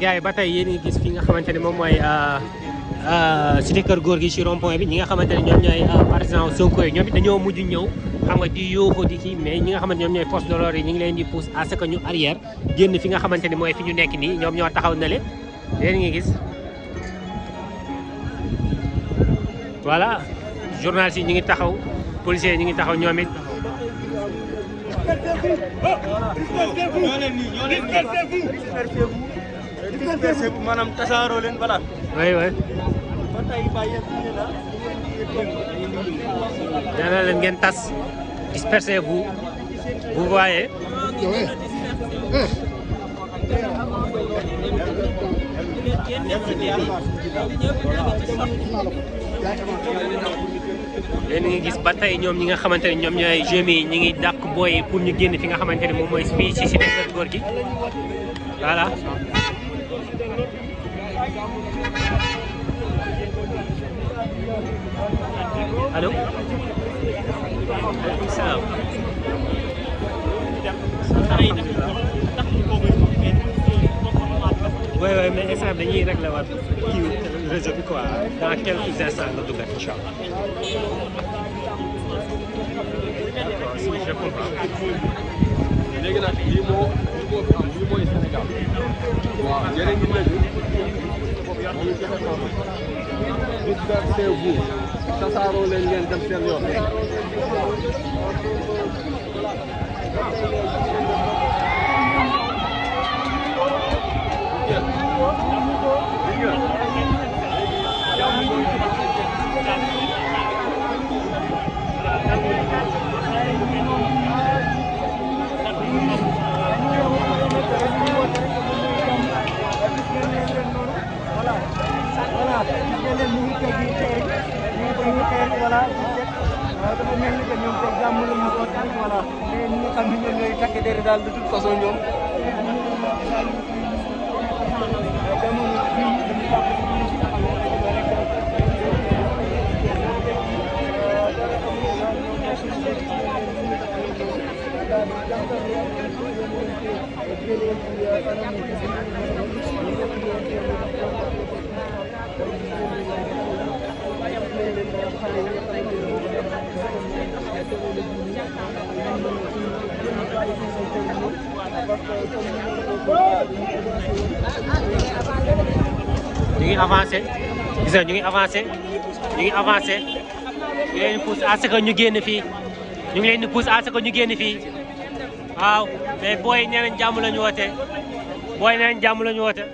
gars yi ba tey yéen ngi gis fi nga xamante ne moom mooy euh, euh, cité kër góor gi ci rond bi ñi nga xamante ne ñoom ñooy euh, partisan Sonko yi ñoom it dañoo mujj ñëw xam nga di yóoxu di ci mais ñi nga xamante ñoom ñooy force de ñu ngi leen di pousse à ce que ñu arrière génn nga xamante ne mooy fi ñu nekk nii ñoom ñoo taxaw na le yéen ngi gis voilà journalistes yi ñu ngi taxaw policiers ñi ngi taxaw ñoom it dispersez université bu maanaam tasaaroo leen balaa. oui oui. ngeen tas dispersé vous vous voyez. léegi ñu ngi gis ba tey ñoom ñi nga xamante ne ñoom ñooy jeunes yi ñu ngi dàq booy pour ñu génn fi nga xamante ne moom mooy fii ci cité Keur Gorgui voilà. allo waaleykum salaam. waaw waaw mais instant dañuy réglé waat kii réseau bi quoi dans quelques instants nga dugg ak incha allah. d'accord si je comprends. léegi nag lii moo moo fi am. mooy Sénégal waaw yéen a ngi dégg ñu joxe xam dispersez-vous tasaaroo leen ngeen dem seen yoon Yeah. takk der daal de toute façon ñoom ngi avancé gis nga ñu ngi avancé ñu ngi ñu ngi que ñu génn fii ñu ngi leen di pousse à ce que ñu génn fii waaw mais booy nee nañ jàmm la ñu woote booy nee nañ jàmm la ñu woote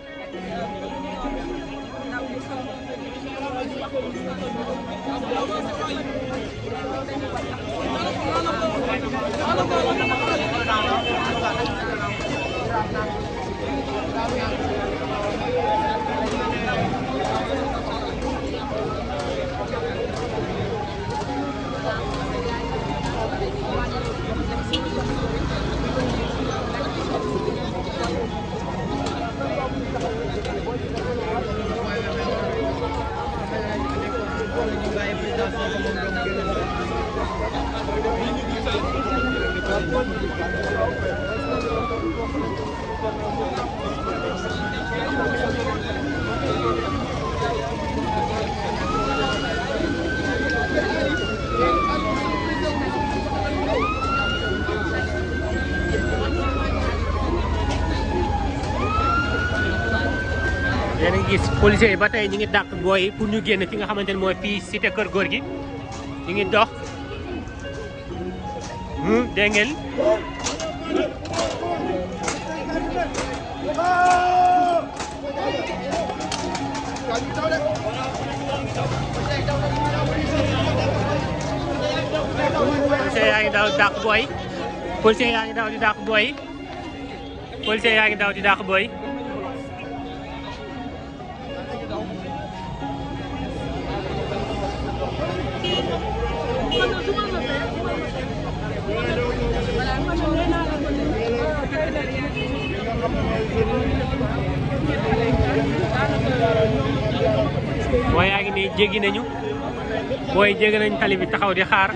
gis policiers yi ba tey ñu ngi dàq booy yi pour ñu génn fi nga xamante ne mooy fii cité kër góor gi ñu ngi dox dégg ngeen policiers yaa ngi daw di dàq booy policiers yaa ngi daw di dàq booy policiers yaa ngi daw di dàq booy booy yaa ngi nii jéggi nañu booy jéggi nañ tali bi taxaw di xaar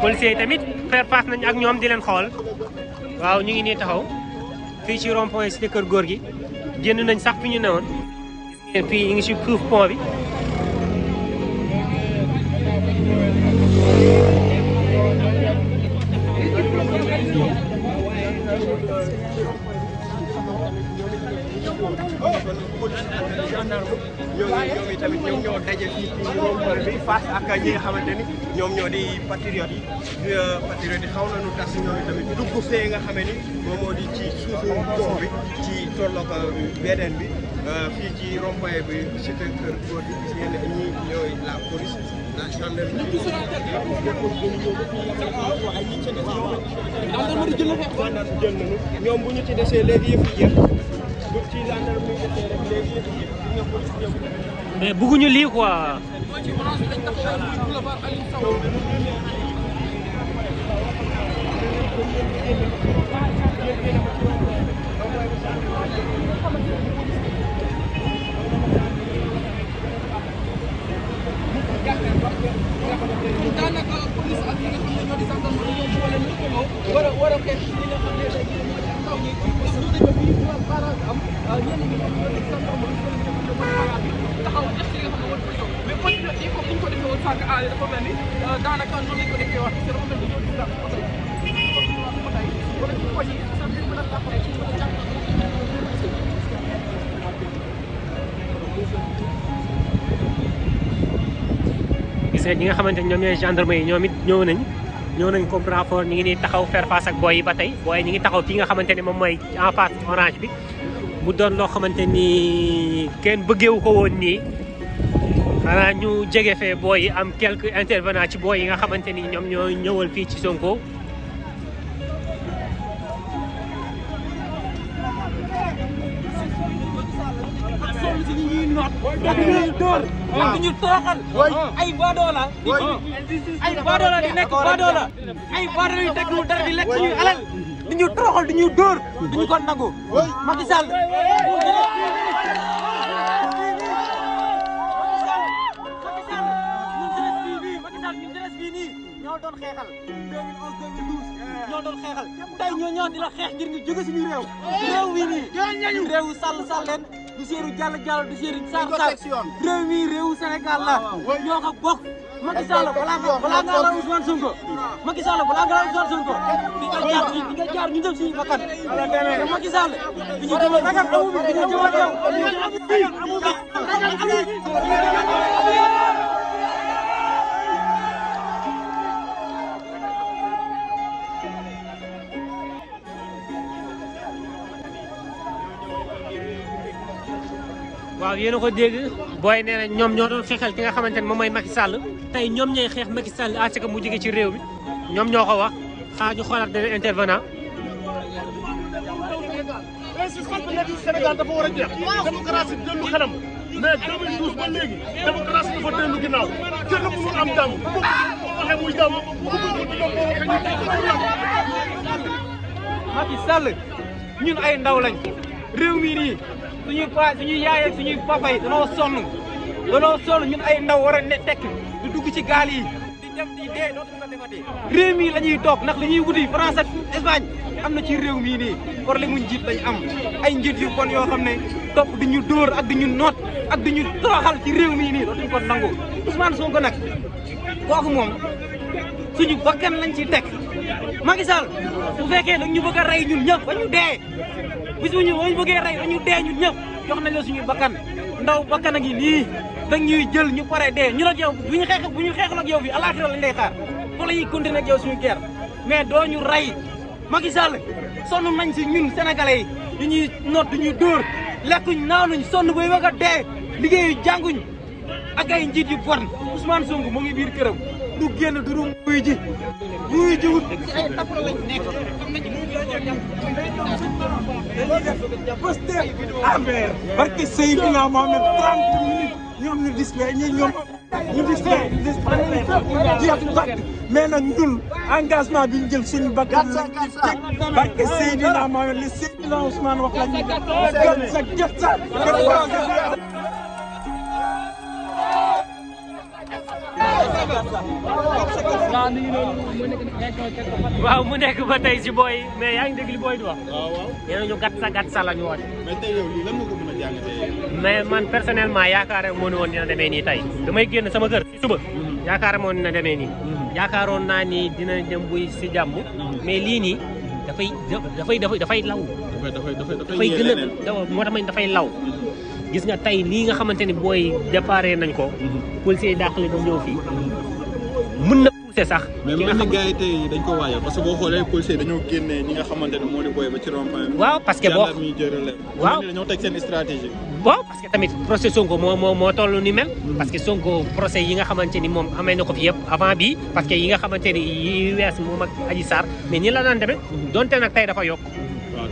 policiers yi tamit faire face nañ ak ñoom di leen xool waaw ñu ngi nii taxaw fii ci rond si cité kër góor gi génn nañ sax fi ñu newoon fii ñu ngi ci couvre-feu bi ñoom ñoom itamit ñoom ñoo daje fii ci rombal bi face ak ñi nga ñoom euh, nga xamee ni moom moo di ci suufu gox bi euh, bi euh, fii ci rond-point bi cité Keur Gorgui gis ngeen ne ñii la police la bu ñu ci desee léegi yëpp jeex mais bëgguñu lii quoi. gis nga ñi nga xamante ñoom ñooy gendarme yi ñoom it ñëw nañ ñëw nañ comme rapport ñi ngi nii taxaw faire face ak booy yi ba tey booy ñi ngi taxaw fii nga xamante ni moom mooy en face orange bi mu doon loo xamante ni kenn bëggeewu ko woon nii ñu jege fee booy yi am quelques intervenant ci booy yi nga xamante ni ñoom ñoo ñëwal fii ci Sonko ak sonn di nekk baadoola. ay baadoola yu di lekk suñuy di ñu tooxal di ñu dóor. di ñu ko nangu. Macky ñii nii ñoo doon xeexal 2011 2012 eh. ñoo doon xeexal ñoo ñoo di la xeex ngir nga jóge suñu réew eh. réew mii nii réewu sàll sàlleen du seeru jàll jàll du seeru sar sar réew mii réewu Sénégal la ñoo ko bokk Macky Sall balaa balaa ngaa la Ousmane Sonko Macky Sall balaa ngaa la Ousmane Sonko di nga jaar di nga jaar ñu dem suñu bakkan Macky Sall bi ñu jëmal ragal amul bi ñu jëmal yow amul amul waaw yéen a ko dégg booy nee nañ ñoom ñoo doon xeexal ki nga xamante ne moom mooy Macky sàll tey ñoom ñooy xeex Macky sàll à ce que mu ci réew ñoom ñoo ko wax xaa ñu xoolaat benn intervenant système a jeex ñun ay ndaw lañ réew mi nii suñuy pa suñuy yaay ak suñuy papa yi danoo sonn danoo sonn ñun ay ndaw war ne tekk du dugg ci gaal yi di dem di dee dootu ko mi la ñuy toog ndax li ñuy wuti France ak Espagne am na ci réew mii nii problème mu njiit lañ am ay njiit yu bon yoo xam ne topp di ñu door ak di ñu noot ak di ñu toroxal ci réew mii nii dootuñ ko nangu Ousmane ko nag kooku moom suñu bakkan lañ ci tekk Macky u bu fekkee dañ ñu bëgg a rey ñun ñëpp ba ñu dee bis bu ñu boo ñu bëggee rey ñu dee ñun ñëpp jox nañ la suñu bakkan ndaw bakkan a ngi jël ñu pare dee ñu ak yow bu ñu xeex bu ñu xeexul ak yow fi alaxira lañ lay xaar fa la ñuy continuer ak yow suñu mais doo ñu rey Macky Sall sonn nañ si ñun sénégalais yi ñuy noot ñuy dóor lekkuñ naanuñ sonn bay bëgg a dee liggéeyu jànguñ ak ay njiit yu bon Ousmane Sonko mu ngi biir du génn du ruum buy ji buy ji wut ay tapra lañ nekk xam nañ poste affaire barke Seydina Mohamed 30 minutes ñoom ñu disper ñu ñoom ñu disper jeex bakk mais nag ñun engagement bi ñu jël suñu bakkan la ñu teg barke Seydina Mohamed li Seydina Ousmane wax la ñu def sa gerte sa waaw mu nekk ba tey si booy mais yaa ngi dégg li booy di wax. waaw waaw yéen ñu gàtt sa gàtt sa la ñu woote. mais tey yow lii lan nga ko mën a jàngatee. mais man personnellement yaakaar moo ne woon dina demee nii tey damay génn sama kër suba. Mhm. yaakaar moo dina demee nii. Mhm. yaakaaroon naa ni dina dem buy si jàmm. Mhm. mais lii nii dafay dafay dafay dafay law. dafay dafay dafay gën a moo tax dafay law. gis nga tey lii nga xamante ni booy déparé nañ ko. policiers yi dàqale ba ñëw fii. mën na pousser sax. mais mën na gars tey dañ ko waajal parce que boo xoolee policiers dañoo génnee ñi nga xamante ne di booy ba ci rond-point. waaw parce que boo jàllale muy jërële. waaw dañoo tamit procès Sonko moo moo moo ni mel. Mm. parce que Sonko procès yi nga xamante ni moom amee na ko fi yëpp avant bi parce que yi nga xamante ni yi wees moom ak Adji Sarr mais ñi la daan deme mm. donte nag tey dafa yokk.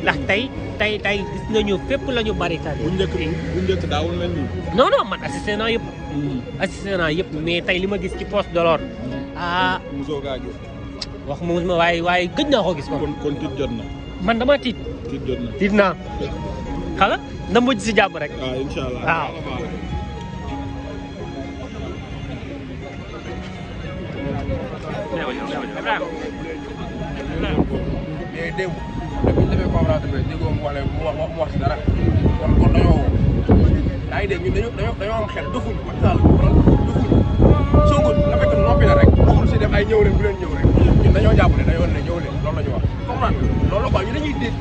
ndax tey tey tey gis nañu fépp la ñu barricade bu njëkk man assisté hmm. naa yëpp mais tey li ma gis ci poste de l'ordre hmm. ah. wax ma ma waaye waaye gëj naa ko gis kon kon tiit jot na man dama tiit tiit na tiit naa xala na mujj si jàmm rek ah, te bu ñu defee conférence de presse déggoo mu wala mu wax wax mu wax si dara kon kon dañoo yaa ngi dégg ñun dañoo dañoo dañoo am xel dofuñu Macky Sall dofuñu Sonko na fekk noppi la rek dofuñu si def ay ñëw leen bu leen ñëw rek ñun dañoo jàpp ne dañoo ne ñëw leen loolu la ñu wax comprendre loolu la quoi ñu dañuy dégg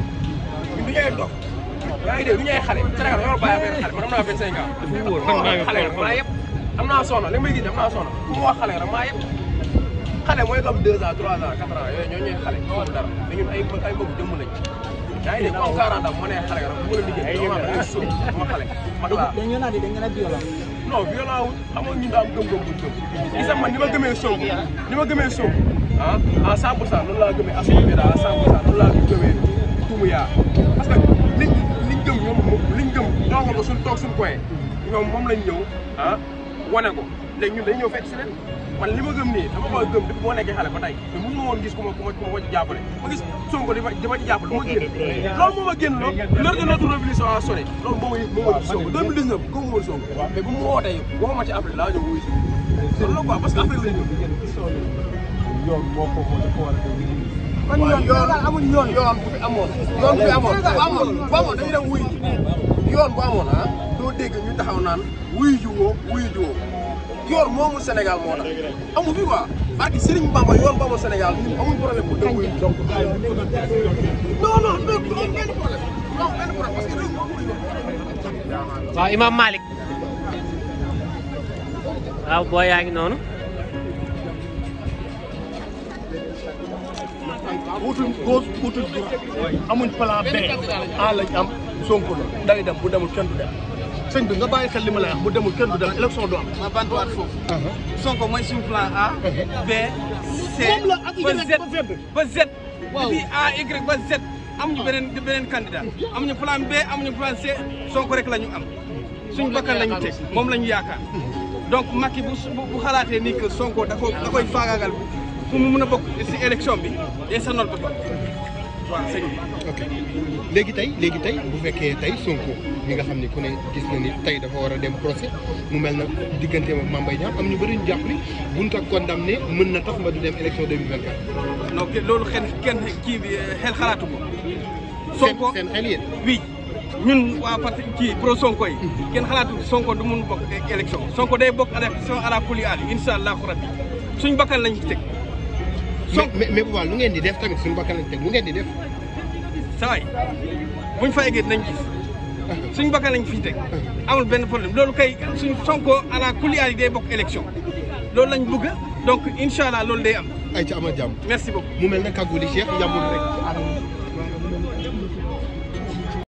ñun du ñëwee dof yaa ngi dégg du ñëwee xale Sénégal dañoo bàyyi affaire xale man am naa 25 ans xale rek maa yëpp am naa soxna li may gis am naa soxna ku ma wax xale rek maa yëpp xale mooy comme deux ans trois ans quatre ans yooyu ñoo ñooy xale xamul dara te ñun ay ay mbokk jëmm lañ yaa ngi dégg am 40 ans mu ne xale rek mu ngi liggéey ñu maanaam suuf ma xale mag laa dañu naan dañu naan violent non violent wul amoon ñu daam gëm-gëm bu gëm isa man ni ma gëmee soow ni ma gëmee soow ah à 100 pour cent noonu laa gëmee assubi bi daal à 100 pour cent noonu laa gëmee tuumu yaa parce que liñ liñ gëm ñoom liñ gëm doogal ko suñ toog suñ koy ñoom moom lañ ñëw ah wane ko léegi ñun day ñëw fekk si leen man li ma gëm nii dama ko gëm depuis moo nekkee xale ba tey te mënu ma woon gis ku ma ku ma ku ma ci jàppale ma gis Sonko di ma di ma ci jàppale ma génn loolu moo ma génn loolu l'heure de notre révolution a sonné loolu moo ma moo ma Sonko 2019 ko woon Sonko mais bu ma wootee woo ma ci après laa ñëw wuyu si loolu la quoi parce que après la ñu yoon moo ko moo dafa war a def kon yoon yoon amul yoon yoon bu fi amoon yoon bu fi amoon bu amoon bu amoon dañuy dem wuyu ji yoon bu amoon ah doo dégg ñu taxaw naan wuyu ji woo wuyu ji woo yoor moomu Sénégal moo amu fi quoi barki yoor moomu Sénégal amul problème bu dëgg donc moomu waaw Imam Malick waaw boo yaa ngi noonu wutuñ gauche wutuñ droite amuñ plan B A lañ am Sonko la day dem bu demul kenn du dem sëñ bi nga bàyyi li ma lay wax bu demul du dem élection du am. ma bantuwaat foofu. Ah ah. Sonko mooy suñu plan A. Ah B C ba Z ba Z. waaw depuis A Y ba Z amuñu beneen beneen candidat amuñu plan B amuñu plan C Sonko rek la ñu am suñu bakkan la ñu teg moom la ñu yaakaar. donc Macky bu bu xalaatee ni que Sonko da ko da koy faagaagal pour mu mun a bokk si élection bi day sonal boppam. waaw sëñ ok léegi tey léegi tey bu fekkee tey Sonko ñi nga xam ne ku ne gis na ni tey dafa war a dem procès mu mel na diggante ak Mame Mbaye Niang am ñu bëri ñu bu ni buñ ko ne mën na tax ba du dem élection 2024. non loolu xel kenn kii bi xel xalaatu ko. Sonko seen xel yéen oui. ñun waa parti ci pro du mun bokk élection. Sonko day bokk à la à la kulli aal incha allahu rabbi suñ bakkan lañ ci teg. soog mais mais bu mu ngeen di def tamit suñu bakkan lañ teg lu ngeen di def. saay buñ fa yeggee dinañ gis suñ bakkan lañ fii teg amul benn problème loolu kay suñ sonko à la coulière yi bokk élection loolu lañ bëgg donc incha allah loolu day am. ay ca ama jàmm merci beaucoup mu mel ne kàggu li Cheikh yàmbul rek.